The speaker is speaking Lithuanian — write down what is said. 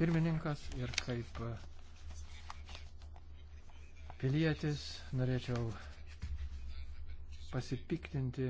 pirmininkas ir kaip pilietis norėčiau pasipiktinti